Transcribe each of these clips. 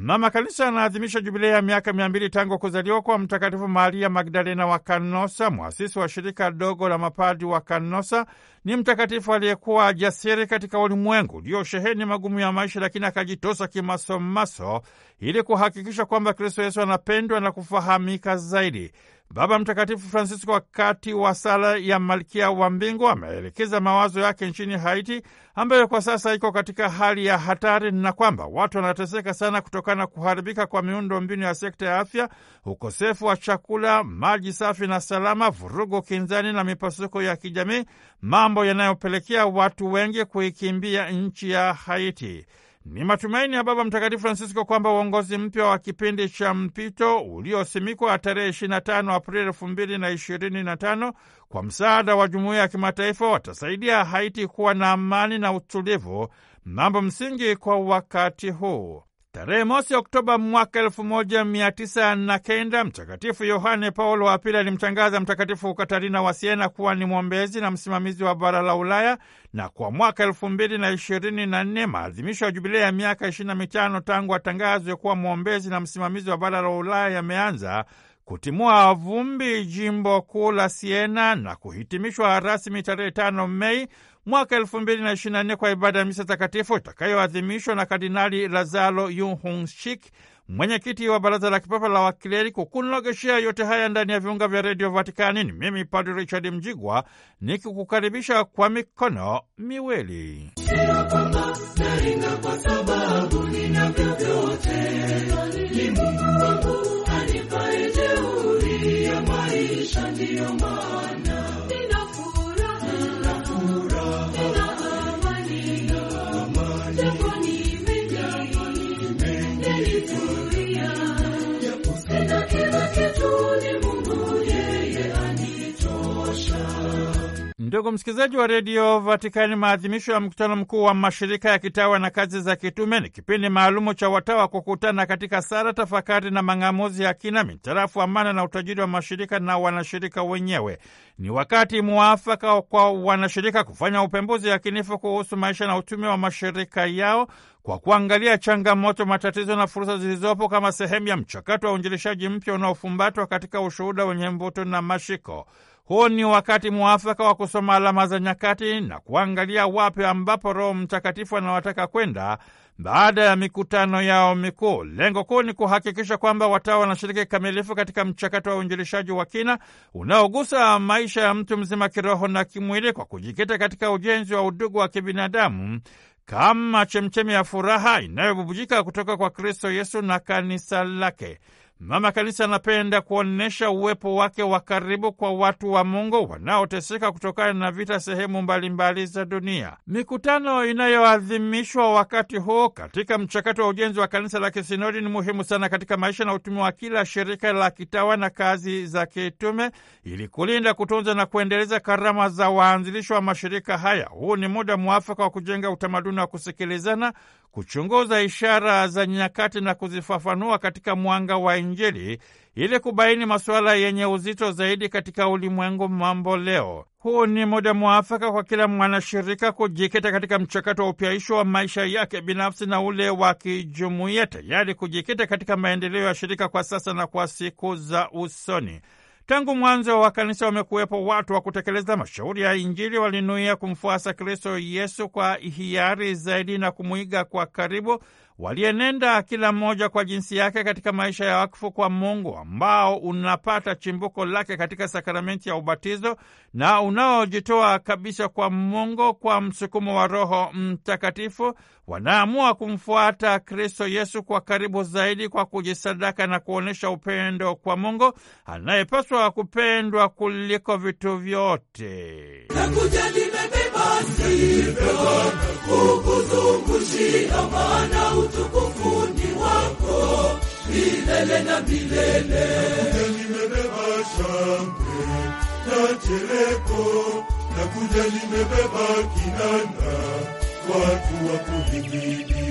Mama Kanisa anaadhimisha jubilei ya miaka mia mbili tangu kuzaliwa kwa Mtakatifu Maria Magdalena wa Kanosa. Mwasisi wa shirika dogo la mapadi wa Kanosa ni mtakatifu aliyekuwa jasiri katika ulimwengu uliosheheni magumu ya maisha, lakini akajitosa kimasomaso ili kuhakikisha kwamba Kristo Yesu anapendwa na kufahamika zaidi. Baba Mtakatifu Francisco wakati wa sala ya Malkia wa Mbingu ameelekeza mawazo yake nchini Haiti ambayo kwa sasa iko katika hali ya hatari na kwamba watu wanateseka sana kutokana na kuharibika kwa miundo mbinu ya sekta ya afya, ukosefu wa chakula, maji safi na salama, vurugu kinzani na mipasuko ya kijamii, mambo yanayopelekea watu wengi kuikimbia nchi ya Haiti. Ni matumaini ya Baba Mtakatifu Francisco kwamba uongozi mpya wa kipindi cha mpito uliosimikwa tarehe 25 Aprili 2025 kwa msaada wa jumuiya ya kimataifa watasaidia Haiti kuwa na amani na utulivu, mambo msingi kwa wakati huu. Tarehe mosi Oktoba mwaka elfu moja mia tisa na kenda Mtakatifu Yohane Paulo wa Pili alimtangaza Mtakatifu Katarina wa Siena kuwa ni mwombezi na msimamizi wa bara la Ulaya, na kwa mwaka elfu mbili na ishirini na nne maadhimisho ya jubilei ya miaka ishirini na mitano tangu atangazwe kuwa mwombezi na msimamizi wa bara la Ulaya yameanza kutimua vumbi jimbo kuu la Siena na kuhitimishwa rasmi tarehe tano Mei mwaka elfu mbili na ishirini na nne kwa ibada ya misa takatifu itakayoadhimishwa na Kardinali Lazaro Yuhunshik, mwenyekiti wa Baraza la Kipapa la Wakleri. Kukunlogeshea yote haya ndani ya viunga vya Redio Vatikani ni mimi Padre Richard Mjigwa nikikukaribisha kwa mikono miwili Ndugu msikilizaji wa redio Vatikani, maadhimisho ya mkutano mkuu wa mashirika ya kitawa na kazi za kitume ni kipindi maalumu cha watawa kukutana katika sara, tafakari na mang'amuzi ya kina mitarafu amana na utajiri wa mashirika na wanashirika wenyewe. Ni wakati mwafaka kwa wanashirika kufanya upembuzi yakinifu kuhusu maisha na utumi wa mashirika yao kwa kuangalia changamoto, matatizo na fursa zilizopo kama sehemu ya mchakato wa uinjilishaji mpya unaofumbatwa katika ushuhuda wenye mvuto na mashiko. Huu ni wakati mwafaka wa kusoma alama za nyakati na kuangalia wapi ambapo Roho Mtakatifu anawataka kwenda baada ya mikutano yao mikuu. Lengo kuu ni kuhakikisha kwamba watawa wanashiriki kikamilifu katika mchakato wa uinjilishaji wa kina unaogusa maisha ya mtu mzima kiroho na kimwili, kwa kujikita katika ujenzi wa udugu wa kibinadamu kama chemchemi ya furaha inayobubujika kutoka kwa Kristo Yesu na kanisa lake. Mama Kanisa anapenda kuonyesha uwepo wake wa karibu kwa watu wa Mungu wanaoteseka kutokana na vita sehemu mbalimbali za dunia. Mikutano inayoadhimishwa wakati huu katika mchakato wa ujenzi wa kanisa la kisinodi ni muhimu sana katika maisha na utume wa kila shirika la kitawa na kazi za kitume, ili kulinda, kutunza na kuendeleza karama za waanzilishi wa mashirika haya. Huu ni muda mwafaka wa kujenga utamaduni wa kusikilizana kuchunguza ishara za nyakati na kuzifafanua katika mwanga wa Injili ili kubaini masuala yenye uzito zaidi katika ulimwengu mambo leo. Huu ni muda mwafaka kwa kila mwanashirika kujikita katika mchakato wa upyaisho wa maisha yake binafsi na ule wa kijumuiya, tayari kujikita katika maendeleo ya shirika kwa sasa na kwa siku za usoni. Tangu mwanzo wa kanisa wamekuwepo watu wa kutekeleza mashauri ya Injili, walinuia kumfuasa Kristo Yesu kwa hiari zaidi na kumwiga kwa karibu walienenda kila mmoja kwa jinsi yake katika maisha ya wakfu kwa Mungu ambao unapata chimbuko lake katika sakramenti ya ubatizo na unaojitoa kabisa kwa Mungu kwa msukumo wa Roho Mtakatifu, wanaamua kumfuata Kristo Yesu kwa karibu zaidi kwa kujisadaka na kuonyesha upendo kwa Mungu anayepaswa kupendwa kuliko vitu vyote na Bwana kukuzungushia, maana utukufu ni wako milele na milele. Nimebeba shangwe na chereko, nakuja nimebeba kinanda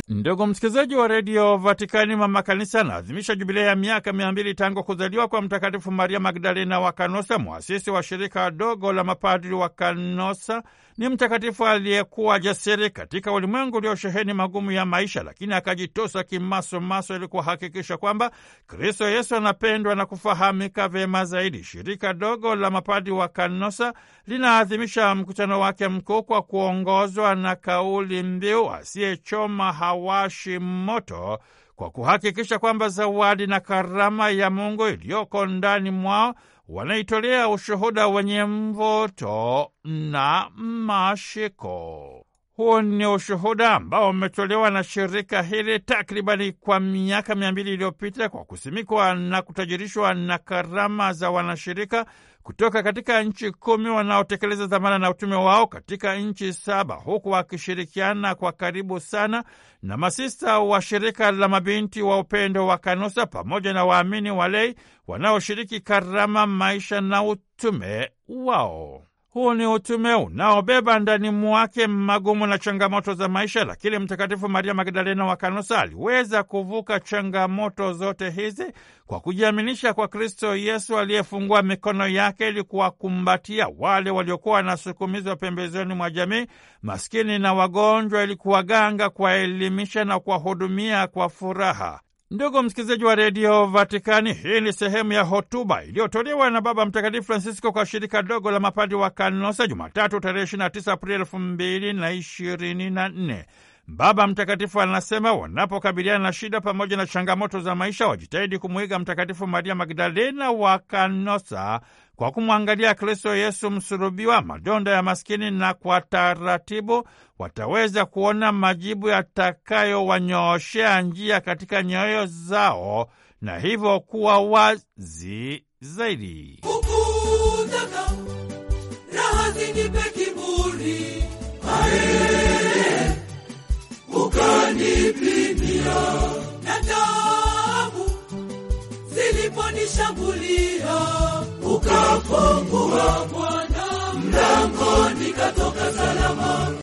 Ndugu msikilizaji wa redio Vatikani, mama kanisa anaadhimisha jubilei ya miaka mia mbili tangu kuzaliwa kwa Mtakatifu Maria Magdalena wa Kanosa, mwasisi wa shirika dogo la mapadri wa Kanosa. Ni mtakatifu aliyekuwa jasiri katika ulimwengu uliosheheni magumu ya maisha, lakini akajitosa kimasomaso ili kuhakikisha kwamba Kristo Yesu anapendwa na kufahamika vyema zaidi. Shirika dogo la mapadri wa Kanosa linaadhimisha mkutano wake mkuu kwa kuongozwa na kauli kauli mbiu asiyechoma hawashi moto, kwa kuhakikisha kwamba zawadi na karama ya Mungu iliyoko ndani mwao wanaitolea ushuhuda wenye mvuto na mashiko. Huu ni ushuhuda ambao umetolewa na shirika hili takribani kwa miaka mia mbili iliyopita kwa kusimikwa na kutajirishwa na karama za wanashirika kutoka katika nchi kumi wanaotekeleza dhamana na utume wao katika nchi saba huku wakishirikiana kwa karibu sana na masista wa shirika la mabinti wa upendo wa Kanosa pamoja na waamini walei wanaoshiriki karama, maisha na utume wao. Huu ni utume unaobeba ndani mwake magumu na changamoto za maisha, lakini Mtakatifu Maria Magdalena wa Kanosa aliweza kuvuka changamoto zote hizi kwa kujiaminisha kwa Kristo Yesu aliyefungua mikono yake ili kuwakumbatia wale waliokuwa wanasukumizwa pembezoni mwa jamii, maskini na wagonjwa, ili kuwaganga, kuwaelimisha na kuwahudumia kwa furaha. Ndugu msikilizaji wa redio Vatikani, hii ni sehemu ya hotuba iliyotolewa na Baba Mtakatifu Francisco kwa shirika dogo la mapadi wa Kanosa Jumatatu tarehe 29 Aprili elfu Baba Mtakatifu anasema wanapokabiliana na shida pamoja na changamoto za maisha wajitahidi kumwiga Mtakatifu Maria Magdalena wa Kanosa kwa kumwangalia Kristo Yesu msulubiwa, madonda ya maskini, na kwa taratibu wataweza kuona majibu yatakayowanyooshea njia katika nyoyo zao na hivyo kuwa wazi zaidi. Ukanipinia na taabu ziliponishambulia ukafungua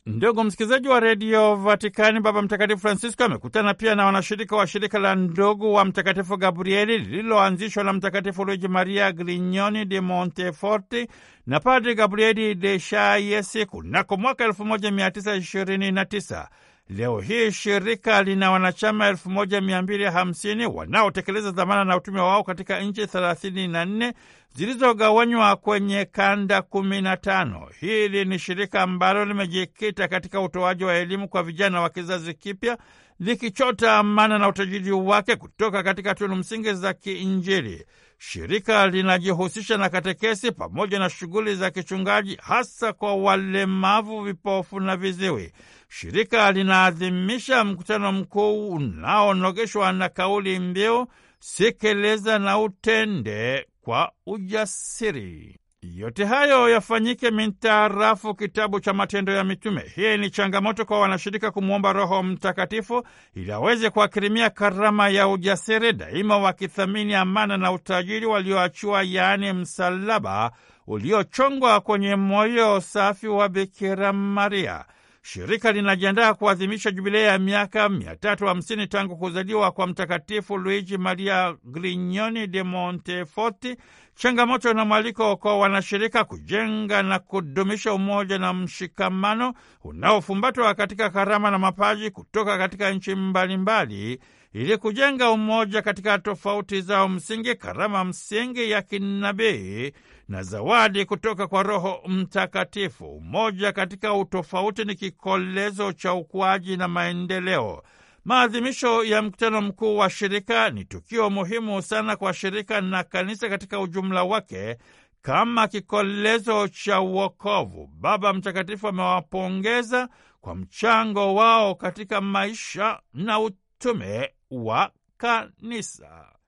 Ndugu msikilizaji wa redio Vatikani, Baba Mtakatifu Francisco amekutana pia na wanashirika wa shirika la ndugu wa Mtakatifu Gabrieli lililoanzishwa na Mtakatifu Luigi Maria Grignoni de Monteforti na Padri Gabrieli de Chayesi kunako mwaka 1929. Leo hii shirika lina wanachama 1250 wanaotekeleza dhamana na utume wao katika nchi 34 zilizogawanywa kwenye kanda 15. Hili ni shirika ambalo limejikita katika utoaji wa elimu kwa vijana wa kizazi kipya likichota amana na utajiri wake kutoka katika tunu msingi za kiinjili. Shirika linajihusisha na katekesi pamoja na shughuli za kichungaji hasa kwa walemavu, vipofu na viziwi. Shirika linaadhimisha mkutano mkuu unaonogeshwa na kauli mbiu, Sikeleza na utende kwa ujasiri. Yote hayo yafanyike mitaarafu kitabu cha Matendo ya Mitume. Hii ni changamoto kwa wanashirika kumwomba Roho Mtakatifu ili aweze kuakirimia karama ya ujasiri, daima wakithamini amana na utajiri walioachiwa, yaani msalaba uliochongwa kwenye moyo safi wa Bikira Maria. Shirika linajiandaa kuadhimisha jubilei ya miaka 350 tangu kuzaliwa kwa Mtakatifu Luigi Maria Grignoni de Monteforti. Changamoto na mwaliko kwa wanashirika kujenga na kudumisha umoja na mshikamano unaofumbatwa katika karama na mapaji kutoka katika nchi mbalimbali ili kujenga umoja katika tofauti zao msingi, karama msingi ya kinabii na zawadi kutoka kwa Roho Mtakatifu. Umoja katika utofauti ni kikolezo cha ukuaji na maendeleo. Maadhimisho ya mkutano mkuu wa shirika ni tukio muhimu sana kwa shirika na kanisa katika ujumla wake kama kikolezo cha uokovu. Baba Mtakatifu amewapongeza kwa mchango wao katika maisha na utume wa kanisa.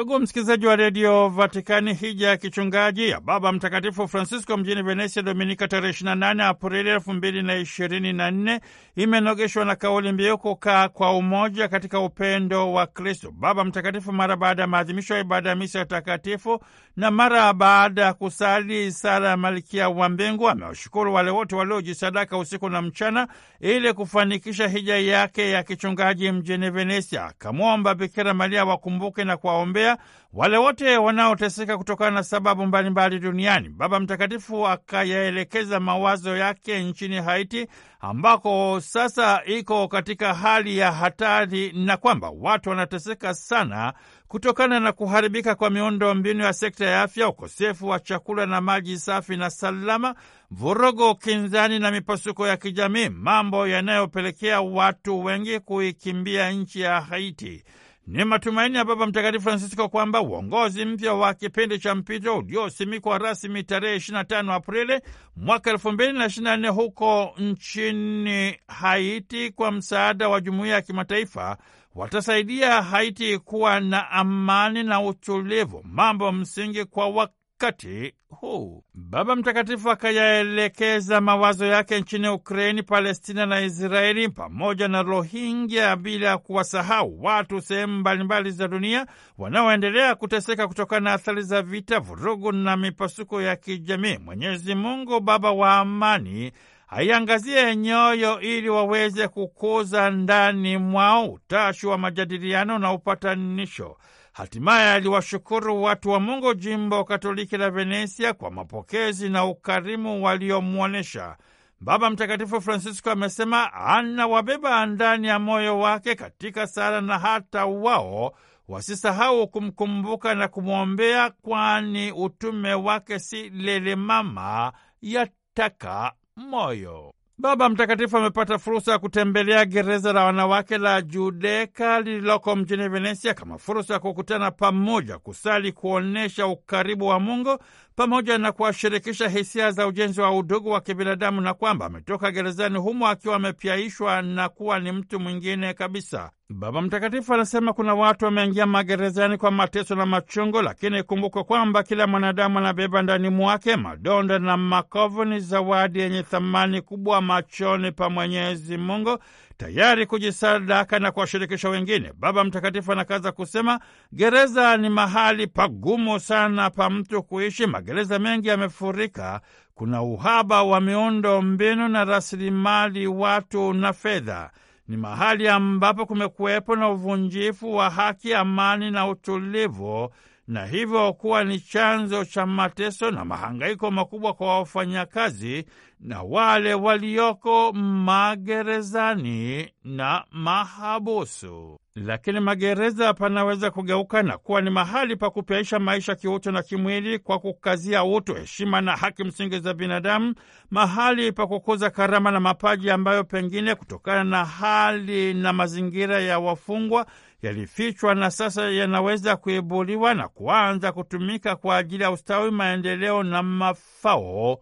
Ndugu msikilizaji wa redio Vatikani, hija ya kichungaji ya Baba Mtakatifu Francisco mjini Venesia Dominika tarehe 28 Aprili elfu mbili na na ishirini nne imenogeshwa na kauli mbiu kukaa kwa umoja katika upendo wa Kristo. Baba Mtakatifu mara baada ya maadhimisho ya ibada ya misa ya takatifu na mara baada ya kusali sala ya Malkia wa Mbingu amewashukuru wale wote waliojisadaka usiku na mchana ili kufanikisha hija yake ya kichungaji mjini Venesia. Akamwomba Bikira Maria wakumbuke na kuwaombea kuwatetea wale wote wanaoteseka kutokana na sababu mbalimbali mbali duniani. Baba Mtakatifu akayaelekeza mawazo yake nchini Haiti ambako sasa iko katika hali ya hatari na kwamba watu wanateseka sana kutokana na kuharibika kwa miundo mbinu ya sekta ya afya, ukosefu wa chakula na maji safi na salama, vurugo, kinzani na mipasuko ya kijamii, mambo yanayopelekea watu wengi kuikimbia nchi ya Haiti. Ni matumaini ya Baba Mtakatifu Francisco kwamba uongozi mpya wa kipindi cha mpito uliosimikwa rasmi tarehe 25 Aprili mwaka 2024 huko nchini Haiti kwa msaada wa jumuiya ya kimataifa watasaidia Haiti kuwa na amani na utulivu, mambo msingi kwa wakati wakati huu. Baba Mtakatifu akayaelekeza mawazo yake nchini Ukraini, Palestina na Israeli pamoja na Rohingya, bila kuwasahau watu sehemu mbalimbali za dunia wanaoendelea kuteseka kutokana na athari za vita, vurugu na mipasuko ya kijamii. Mwenyezi Mungu Baba wa amani aiangazie nyoyo ili waweze kukuza ndani mwao utashi wa majadiliano na upatanisho. Hatimaye aliwashukuru watu wa Mungu jimbo Katoliki la Venesia kwa mapokezi na ukarimu waliomwonyesha. Baba Mtakatifu Francisco amesema anawabeba ndani ya moyo wake katika sala, na hata wao wasisahau kumkumbuka na kumwombea, kwani utume wake si lelemama, yataka moyo. Baba Mtakatifu amepata fursa ya kutembelea gereza la wanawake la Judeka lililoko mjini Venesia kama fursa ya kukutana pamoja, kusali, kuonyesha ukaribu wa Mungu pamoja na kuwashirikisha hisia za ujenzi wa udugu wa kibinadamu na kwamba ametoka gerezani humo akiwa amepyaishwa na kuwa ni mtu mwingine kabisa. Baba Mtakatifu anasema kuna watu wameingia magerezani kwa mateso na machungo, lakini ikumbukwe kwamba kila mwanadamu anabeba ndani mwake madonda na makovu. Ni zawadi yenye thamani kubwa machoni pa Mwenyezi Mungu, tayari kujisadaka na kuwashirikisha wengine. Baba Mtakatifu anakaza kusema, gereza ni mahali pagumu sana pa mtu kuishi. Magereza mengi yamefurika, kuna uhaba wa miundo mbinu na rasilimali watu na fedha. Ni mahali ambapo kumekuwepo na uvunjifu wa haki, amani na utulivu na hivyo kuwa ni chanzo cha mateso na mahangaiko makubwa kwa wafanyakazi na wale walioko magerezani na mahabusu. Lakini magereza panaweza kugeuka na kuwa ni mahali pa kupiaisha maisha kiutu na kimwili kwa kukazia utu, heshima na haki msingi za binadamu, mahali pa kukuza karama na mapaji ambayo pengine kutokana na hali na mazingira ya wafungwa yalifichwa na sasa yanaweza kuibuliwa na kuanza kutumika kwa ajili ya ustawi, maendeleo na mafao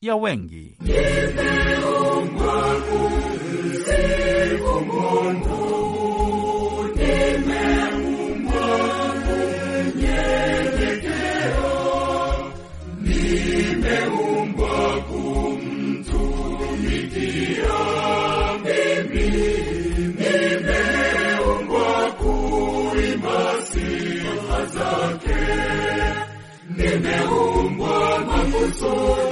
ya wengi. nimeumbwa makusudi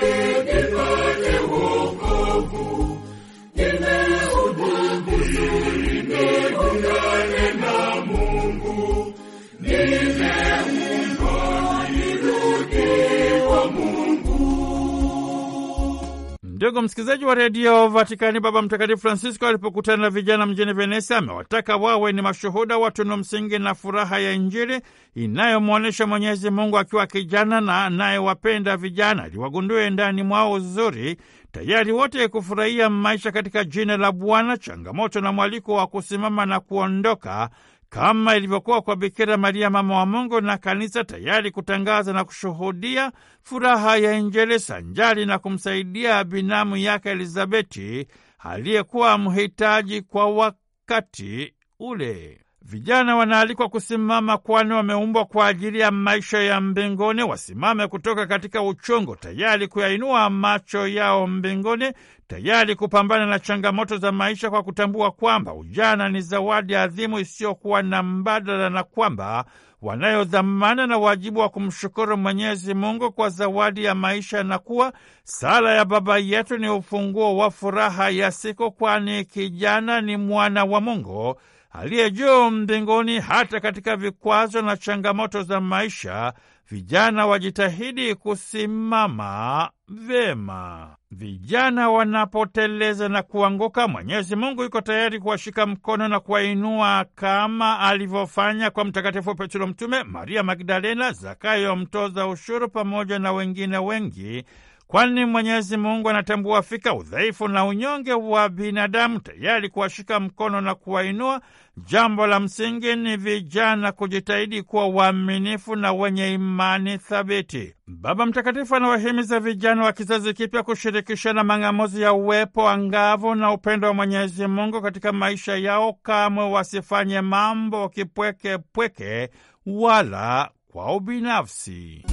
Ndugu msikilizaji wa redio Vatikani, Baba Mtakatifu Francisco alipokutana na vijana mjini Venesia amewataka wawe ni mashuhuda wa tunu msingi na furaha ya Injili inayomwonyesha Mwenyezi Mungu akiwa kijana na anayewapenda vijana, aliwagundue ndani mwao uzuri, tayari wote kufurahia maisha katika jina la Bwana, changamoto na mwaliko wa kusimama na kuondoka kama ilivyokuwa kwa Bikira Maria mama wa Mungu na kanisa, tayari kutangaza na kushuhudia furaha ya Injili sanjali na kumsaidia binamu yake Elizabeti aliyekuwa mhitaji kwa wakati ule. Vijana wanaalikwa kusimama, kwani wameumbwa kwa ajili ya maisha ya mbinguni. Wasimame kutoka katika uchungu tayari kuyainua macho yao mbinguni, tayari kupambana na changamoto za maisha kwa kutambua kwamba ujana ni zawadi adhimu isiyokuwa na mbadala, na kwamba wanayo dhamana na wajibu wa kumshukuru Mwenyezi Mungu kwa zawadi ya maisha, na kuwa sala ya Baba yetu ni ufunguo wa furaha ya siku, kwani kijana ni mwana wa Mungu aliye juu mbinguni. Hata katika vikwazo na changamoto za maisha, vijana wajitahidi kusimama vyema. Vijana wanapoteleza na kuanguka, Mwenyezi Mungu yuko tayari kuwashika mkono na kuwainua kama alivyofanya kwa Mtakatifu Petro Mtume, Maria Magdalena, Zakayo mtoza ushuru, pamoja na wengine wengi kwani Mwenyezi Mungu anatambua fika udhaifu na unyonge wa binadamu, tayari kuwashika mkono na kuwainua. Jambo la msingi ni vijana kujitahidi kuwa waaminifu na wenye imani thabiti. Baba Mtakatifu anawahimiza vijana wa kizazi kipya kushirikishana mang'amuzi ya uwepo angavu na upendo wa Mwenyezi Mungu katika maisha yao. Kamwe wasifanye mambo kipwekepweke wala kwa ubinafsi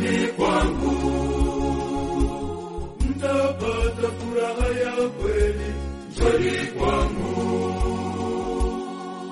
nyumbani kwangu mtapata furaha ya kweli njoni kwangu.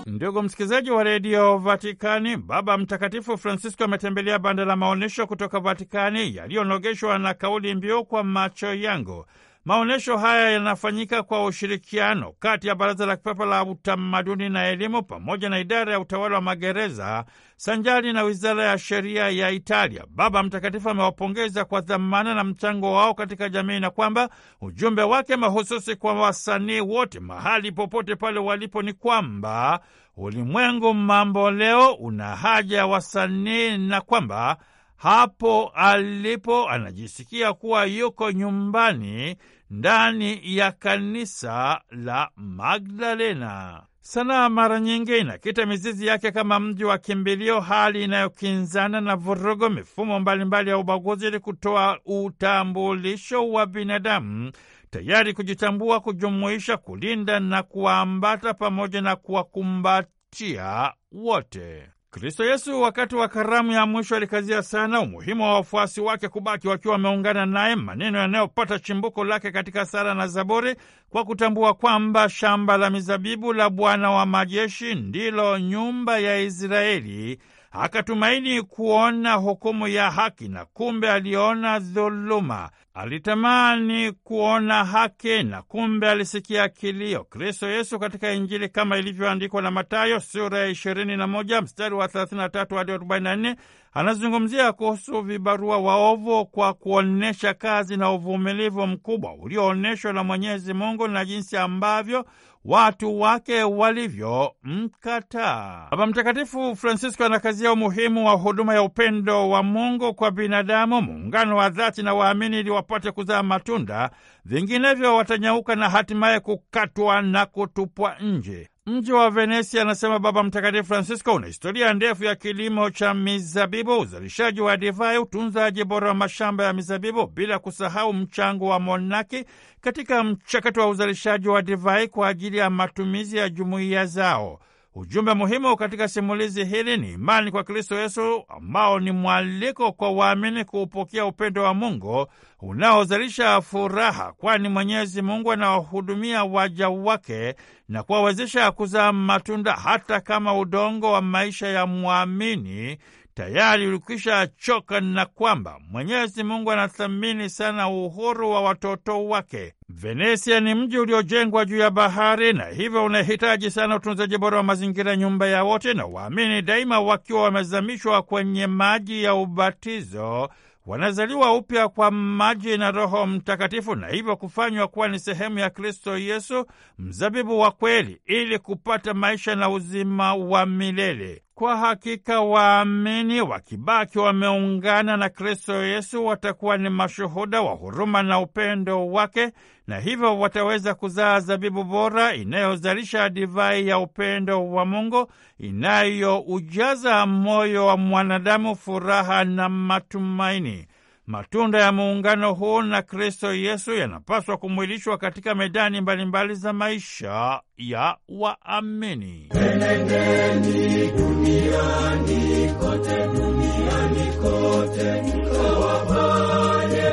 Ndugu msikilizaji wa redio Vatikani, Baba Mtakatifu Francisco ametembelea banda la maonyesho kutoka Vatikani yaliyonogeshwa na kauli mbiu kwa macho yangu. Maonyesho haya yanafanyika kwa ushirikiano kati ya Baraza la Kipapa la Utamaduni na Elimu pamoja na idara ya utawala wa magereza sanjari na wizara ya sheria ya Italia. Baba Mtakatifu amewapongeza kwa dhamana na mchango wao katika jamii na kwamba ujumbe wake mahususi kwa wasanii wote mahali popote pale walipo ni kwamba ulimwengu mambo leo una haja ya wasanii na kwamba hapo alipo anajisikia kuwa yuko nyumbani ndani ya kanisa la Magdalena. Sanaa mara nyingi inakita mizizi yake kama mji wa kimbilio, hali inayokinzana na vurugo, mifumo mbalimbali ya ubaguzi, ili kutoa utambulisho wa binadamu tayari kujitambua, kujumuisha, kulinda na kuwaambata pamoja na kuwakumbatia wote. Kristo Yesu wakati wa karamu ya mwisho alikazia sana umuhimu wa wafuasi wake kubaki wakiwa wameungana naye, maneno yanayopata chimbuko lake katika sala na Zaburi, kwa kutambua kwamba shamba la mizabibu la Bwana wa majeshi ndilo nyumba ya Israeli. Akatumaini kuona hukumu ya haki na kumbe aliona dhuluma alitamani kuona haki na kumbe alisikia kilio. Kristo Yesu katika Injili kama ilivyoandikwa na matayo sura ya ishirini na moja mstari wa thelathini na tatu hadi arobaini na nne anazungumzia kuhusu vibarua waovu kwa kuonyesha kazi na uvumilivu mkubwa ulioonyeshwa na Mwenyezi Mungu na jinsi ambavyo watu wake walivyomkataa. Baba Mtakatifu Francisco anakazia umuhimu wa huduma ya upendo wa Mungu kwa binadamu, muungano wa dhati na waamini, ili wapate kuzaa matunda, vinginevyo watanyauka na hatimaye kukatwa na kutupwa nje. Mji wa Venesia, anasema Baba Mtakatifu Francisco, una historia ndefu ya kilimo cha mizabibu, uzalishaji wa divai, utunzaji bora wa mashamba ya mizabibu, bila kusahau mchango wa monaki katika mchakato wa uzalishaji wa divai kwa ajili ya matumizi ya jumuiya zao. Ujumbe muhimu katika simulizi hili ni imani kwa Kristo Yesu, ambao ni mwaliko kwa waamini kuupokea upendo wa Mungu unaozalisha furaha, kwani Mwenyezi Mungu anawahudumia waja wake na kuwawezesha kuzaa matunda hata kama udongo wa maisha ya mwamini tayari ulikwisha choka na kwamba Mwenyezi Mungu anathamini sana uhuru wa watoto wake. Venesia ni mji uliojengwa juu ya bahari na hivyo unahitaji sana utunzaji bora wa mazingira, nyumba ya wote, na waamini daima wakiwa wamezamishwa kwenye maji ya ubatizo wanazaliwa upya kwa maji na Roho Mtakatifu na hivyo kufanywa kuwa ni sehemu ya Kristo Yesu, mzabibu wa kweli, ili kupata maisha na uzima wa milele. Kwa hakika waamini wakibaki wameungana na Kristo Yesu watakuwa ni mashuhuda wa huruma na upendo wake, na hivyo wataweza kuzaa zabibu bora inayozalisha divai ya upendo wa Mungu inayoujaza moyo wa mwanadamu furaha na matumaini. Matunda ya muungano huu na Kristo Yesu yanapaswa kumwilishwa katika medani mbalimbali mbali za maisha ya waamini. Enendeni duniani kote, duniani kote,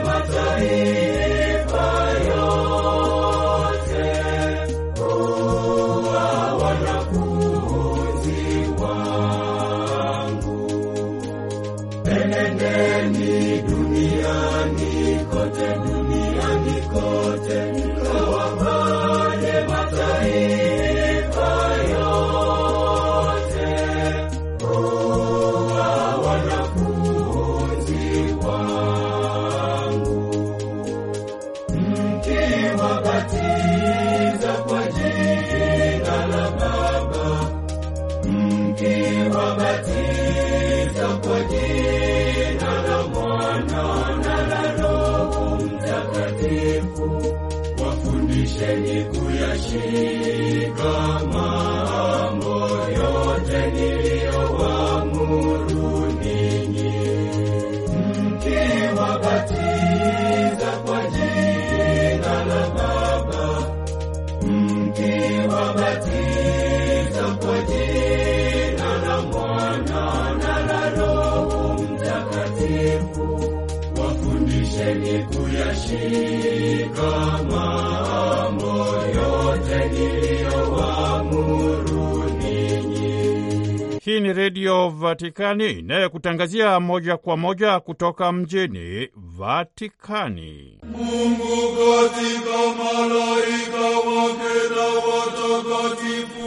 mataifa Shikama moyo tegio wa muruni. Hii ni Redio Vatikani inayekutangazia moja kwa moja kutoka mjini Vatikani. Mungu katika malaika wake na watakatifu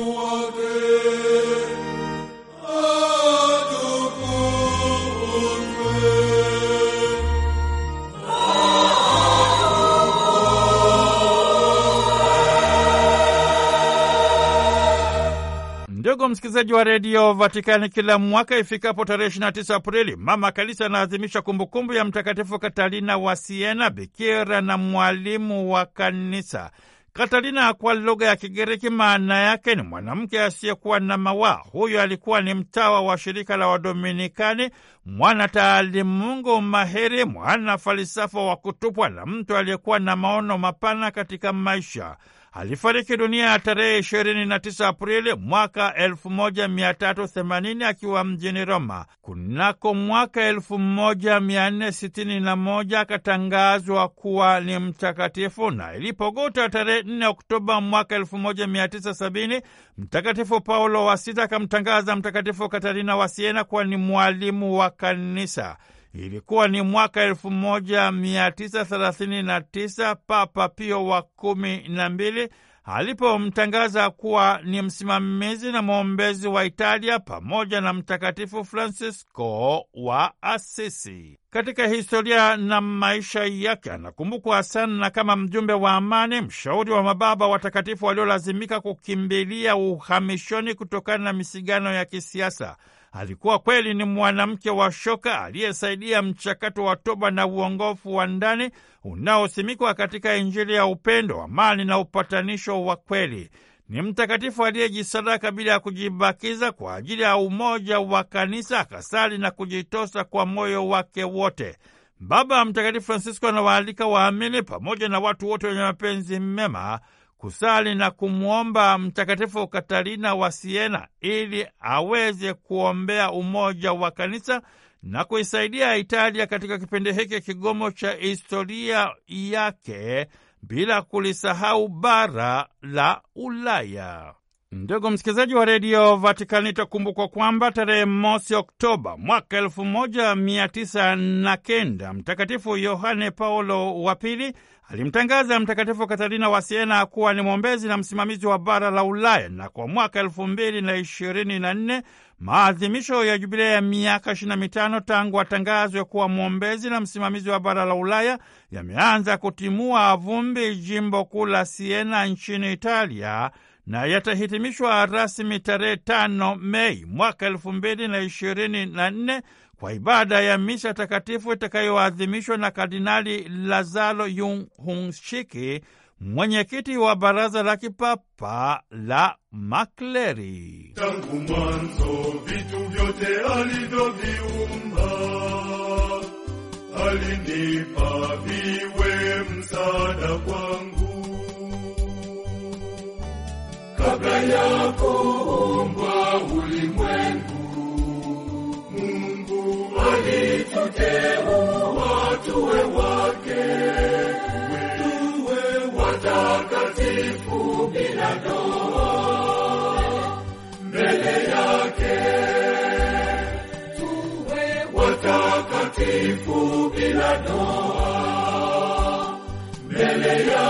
Ndugu msikilizaji wa redio Vatikani, kila mwaka ifikapo tarehe 29 Aprili, mama kanisa anaadhimisha kumbukumbu ya Mtakatifu Katarina wa Siena, bikira na mwalimu wa kanisa. Katarina kwa lugha ya Kigiriki maana yake ni mwanamke asiyekuwa na mawaa. Huyo alikuwa ni mtawa wa shirika la Wadominikani, mwana taalimungu mahiri, mwana falisafa wa kutupwa na mtu aliyekuwa na maono mapana katika maisha alifariki dunia ya tarehe 29 Aprili mwaka 1380 akiwa mjini Roma. Kunako mwaka 1461 akatangazwa kuwa ni mtakatifu, na ilipoguta tarehe 4 Oktoba mwaka 1970 Mtakatifu Paulo wa Sita akamtangaza Mtakatifu Katarina wa Siena kuwa ni mwalimu wa kanisa. Ilikuwa ni mwaka elfu moja mia tisa thelathini na tisa Papa Pio wa kumi na mbili alipomtangaza kuwa ni msimamizi na mwombezi wa Italia pamoja na Mtakatifu Francisco wa Asisi. Katika historia na maisha yake anakumbukwa sana kama mjumbe wa amani, mshauri wa mababa watakatifu waliolazimika kukimbilia uhamishoni kutokana na misigano ya kisiasa alikuwa kweli ni mwanamke wa shoka aliyesaidia mchakato wa toba na uongofu wa ndani unaosimikwa katika Injili ya upendo, amani na upatanisho wa kweli. Ni mtakatifu aliyejisadaka bila ya kujibakiza kwa ajili ya umoja wa kanisa, akasali na kujitosa kwa moyo wake wote. Baba Mtakatifu Francisco anawaalika waamini pamoja na watu wote wenye mapenzi mema kusali na kumwomba Mtakatifu Katarina wa Siena ili aweze kuombea umoja wa kanisa na kuisaidia Italia katika kipindi hiki kigomo cha historia yake bila kulisahau bara la Ulaya. Ndugu msikilizaji wa redio Vatikani, itakumbukwa kwamba tarehe mosi Oktoba mwaka elfu moja mia tisa na kenda Mtakatifu Yohane Paulo wa Pili alimtangaza Mtakatifu Katarina wa Siena kuwa ni mwombezi na msimamizi wa bara la Ulaya, na kwa mwaka elfu mbili na ishirini na nne maadhimisho ya jubilea ya miaka 25 tangu atangazwe kuwa mwombezi na msimamizi wa bara la Ulaya yameanza kutimua vumbi jimbo kuu la Siena nchini Italia na yatahitimishwa rasmi tarehe tano Mei mwaka elfu mbili na ishirini na nne kwa ibada ya misa takatifu itakayoadhimishwa na Kardinali Lazaro Yunhunshiki, mwenyekiti wa Baraza la Kipapa la Makleri. Tangu mwanzo vitu vyote alivyoviumba alinipa viwe msaada kwangu kabla ya kuumbwa ulimwengu, Mungu alituteua tuwe wake, tuwe watakatifu bila doa mbele yake, tuwe watakatifu bila doa mbele yake.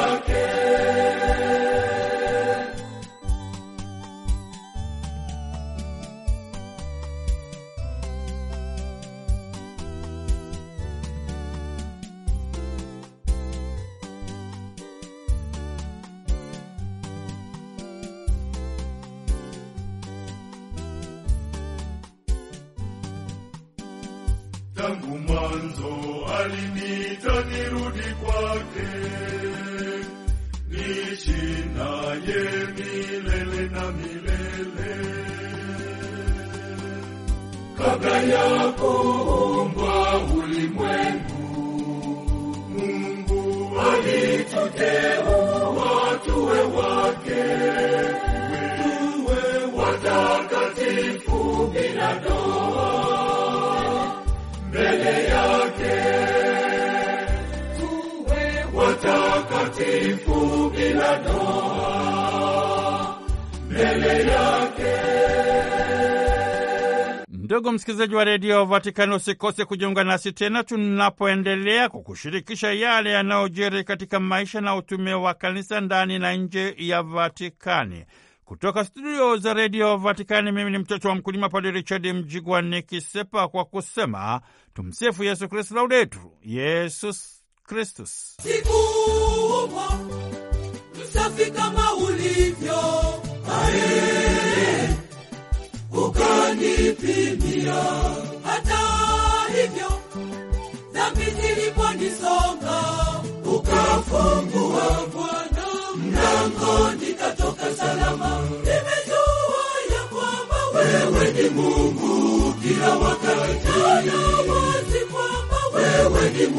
Ndugu msikilizaji wa redio Vatikani, usikose kujiunga nasi tena tunapoendelea kukushirikisha yale yanayojiri katika maisha na utume wa kanisa ndani na nje ya Vatikani. Kutoka studio za redio Vatikani, mimi ni mtoto wa mkulima, Padre Richard Mjigwa, nikisepa kwa kusema tumsifu Yesu Kristu, laudetur Yesus Kristus. Siku upo msafi kama ulivyo, ae ukanipimia. Hata hivyo dhambi ziliponisonga ukafunga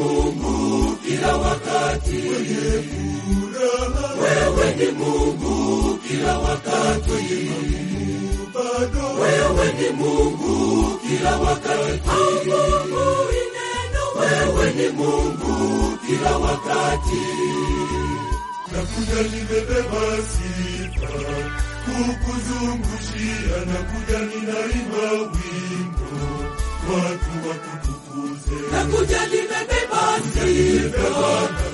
Mungu kila wakati, mwenye furaha wewe ni Mungu kila wakati, wewe ni Mungu kila wakati, wewe ni Mungu kila wakati, nakuja nimebeba sifa kukuzungushia, nakuja ninaimba wimbo watu wakutu Lord.